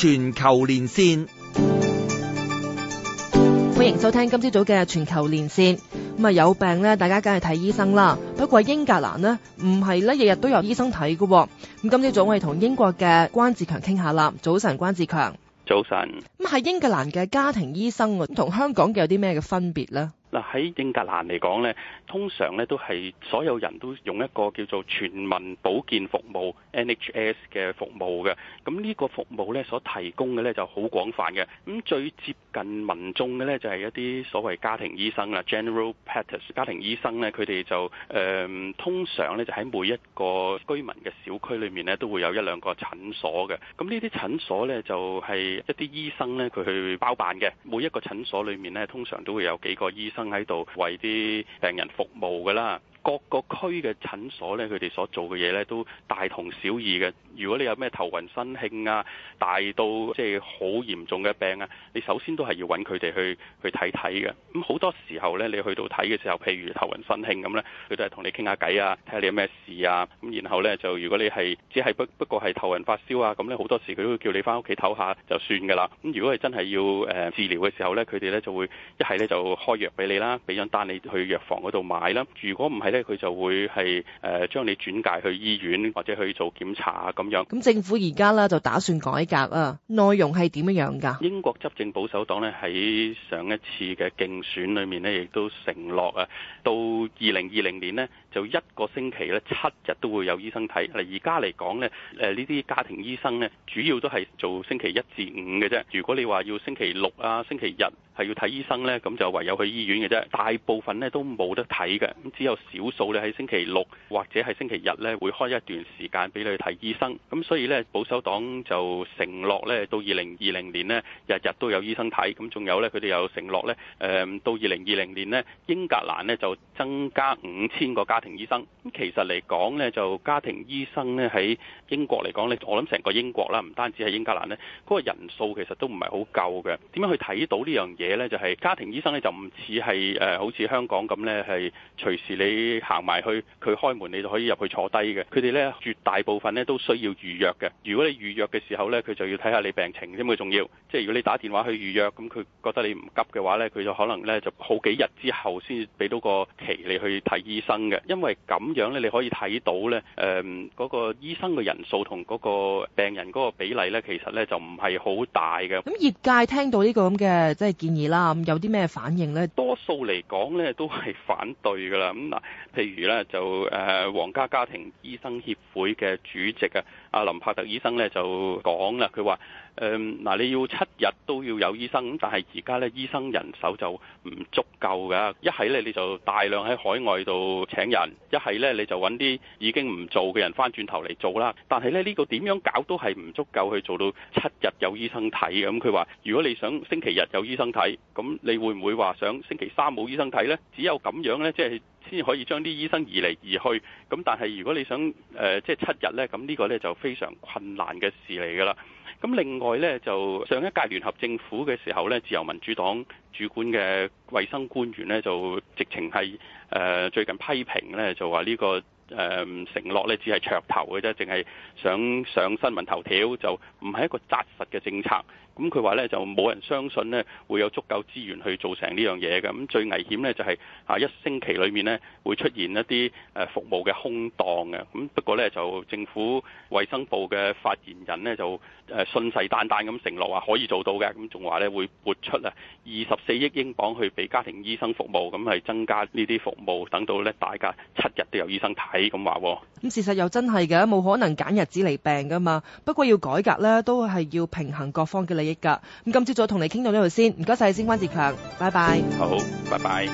全球連線，歡迎收聽今朝早嘅全球連線。咁啊，有病咧，大家梗係睇醫生啦。不過英格蘭呢，唔係咧，日日都有醫生睇㗎。咁今朝早我哋同英國嘅關志強傾下啦。早晨，關志強。早晨。咁喺英格蘭嘅家庭醫生同香港嘅有啲咩嘅分別呢？嗱，喺英格蘭嚟講咧，通常咧都係所有人都用一個叫做全民保健服務 NHS 嘅服務嘅。咁呢個服務咧，所提供嘅咧，就好廣泛嘅。咁最接近民眾嘅咧，就係一啲所謂家庭醫生啦，general practice 家庭醫生咧，佢哋就誒、嗯、通常咧就喺每一個居民嘅小區裏面咧都會有一兩個診所嘅。咁呢啲診所咧就係一啲醫生咧佢去包辦嘅。每一個診所裏面咧通常都會有幾個醫生。生喺度為啲病人服務㗎啦。各個區嘅診所呢，佢哋所做嘅嘢呢，都大同小異嘅。如果你有咩頭暈身興啊，大到即係好嚴重嘅病啊，你首先都係要揾佢哋去去睇睇嘅。咁好多時候呢，你去到睇嘅時候，譬如頭暈身興咁呢，佢都係同你傾下偈啊，睇下你有咩事啊。咁然後呢，就如果你係只係不不過係頭暈發燒啊，咁呢，好多時佢都會叫你返屋企唞下就算㗎喇。咁如果係真係要誒、呃、治療嘅時候呢，佢哋呢就會一係呢，就開藥俾你啦，俾張單你去藥房嗰度買啦。如果唔係呢。佢就會係誒、呃、將你轉介去醫院或者去做檢查啊，咁樣。咁政府而家咧就打算改革啊，內容係點樣樣㗎？英國執政保守黨咧喺上一次嘅競選裏面呢，亦都承諾啊，到二零二零年呢，就一個星期咧七日都會有醫生睇。嗱，而家嚟講呢，誒呢啲家庭醫生呢，主要都係做星期一至五嘅啫。如果你話要星期六啊、星期日係要睇醫生呢，咁就唯有去醫院嘅啫。大部分呢，都冇得睇嘅，咁只有少少數咧，喺星期六或者係星期日咧，會開一段時間俾你去睇醫生，咁所以咧，保守黨就承諾咧，到二零二零年咧，日日都有醫生睇，咁仲有咧，佢哋又承諾咧，誒到二零二零年咧英格蘭咧，就增加五千個家庭醫生。咁其實嚟講咧，就家庭醫生咧喺英國嚟講咧，我諗成個英國啦，唔單止係英格蘭咧，嗰個人數其實都唔係好夠嘅。點樣去睇到呢樣嘢咧？就係家庭醫生咧就唔似係誒好似香港咁咧係隨時你。你行埋去，佢開門，你就可以入去坐低嘅。佢哋呢絕大部分咧都需要預約嘅。如果你預約嘅時候呢，佢就要睇下你病情添。佢仲要。即係如果你打電話去預約，咁佢覺得你唔急嘅話呢，佢就可能呢就好幾日之後先俾到個期你去睇醫生嘅。因為咁樣呢，你可以睇到呢誒，嗰、呃嗰個醫生嘅人數同嗰個病人嗰個比例呢，其實呢就唔係好大嘅。咁業界聽到呢個咁嘅即係建議啦，咁有啲咩反應呢？多數嚟講呢，都係反對噶啦。咁嗱。譬如咧就誒皇家家庭醫生協會嘅主席啊，阿林柏特醫生咧就講啦，佢話：誒、嗯、嗱，你要七日都要有醫生，但係而家咧醫生人手就唔足夠㗎。一係咧你就大量喺海外度請人，一係咧你就揾啲已經唔做嘅人翻轉頭嚟做啦。但係咧呢、呢個點樣搞都係唔足夠去做到七日有醫生睇咁。佢、嗯、話：如果你想星期日有醫生睇，咁你會唔會話想星期三冇醫生睇呢？只有咁樣呢，即係。先可以將啲醫生移嚟移去，咁但係如果你想誒、呃、即係七日呢，咁呢個呢，就非常困難嘅事嚟㗎啦。咁另外呢，就上一屆聯合政府嘅時候呢，自由民主黨主管嘅衞生官員呢，就直情係誒最近批評呢，就話呢、呢個。誒、呃、承諾咧只係噱頭嘅啫，淨係想上新聞頭條，就唔係一個紮實嘅政策。咁佢話咧就冇人相信呢會有足夠資源去做成呢樣嘢嘅。咁最危險呢就係、是、啊一星期裏面呢會出現一啲誒服務嘅空檔嘅。咁不過呢，就政府衞生部嘅發言人呢就誒信誓旦旦咁承諾話可以做到嘅。咁仲話咧會撥出啊二十四億英鎊去俾家庭醫生服務，咁係增加呢啲服務，等到咧大家七日都有醫生睇。你咁話喎？咁事實又真係嘅，冇可能揀日子嚟病噶嘛。不過要改革咧，都係要平衡各方嘅利益噶。咁今朝再同你傾到呢度先，唔該晒。先關志強，拜拜。好，好，拜拜。